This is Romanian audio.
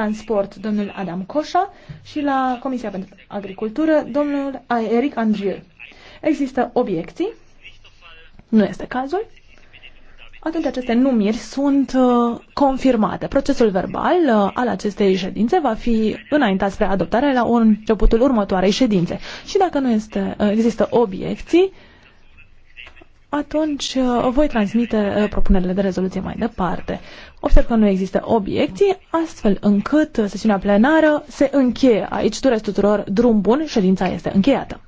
Transport, domnul Adam Coșa, și la Comisia pentru Agricultură, domnul Eric Andrieu. Există obiecții? Nu este cazul. Atunci aceste numiri sunt uh, confirmate. Procesul verbal uh, al acestei ședințe va fi înaintat spre adoptare la începutul următoarei ședințe. Și dacă nu este, uh, există obiecții, atunci uh, voi transmite uh, propunerile de rezoluție mai departe. Observ că nu există obiecții, astfel încât sesiunea plenară se încheie aici. Doresc tuturor drum bun, ședința este încheiată.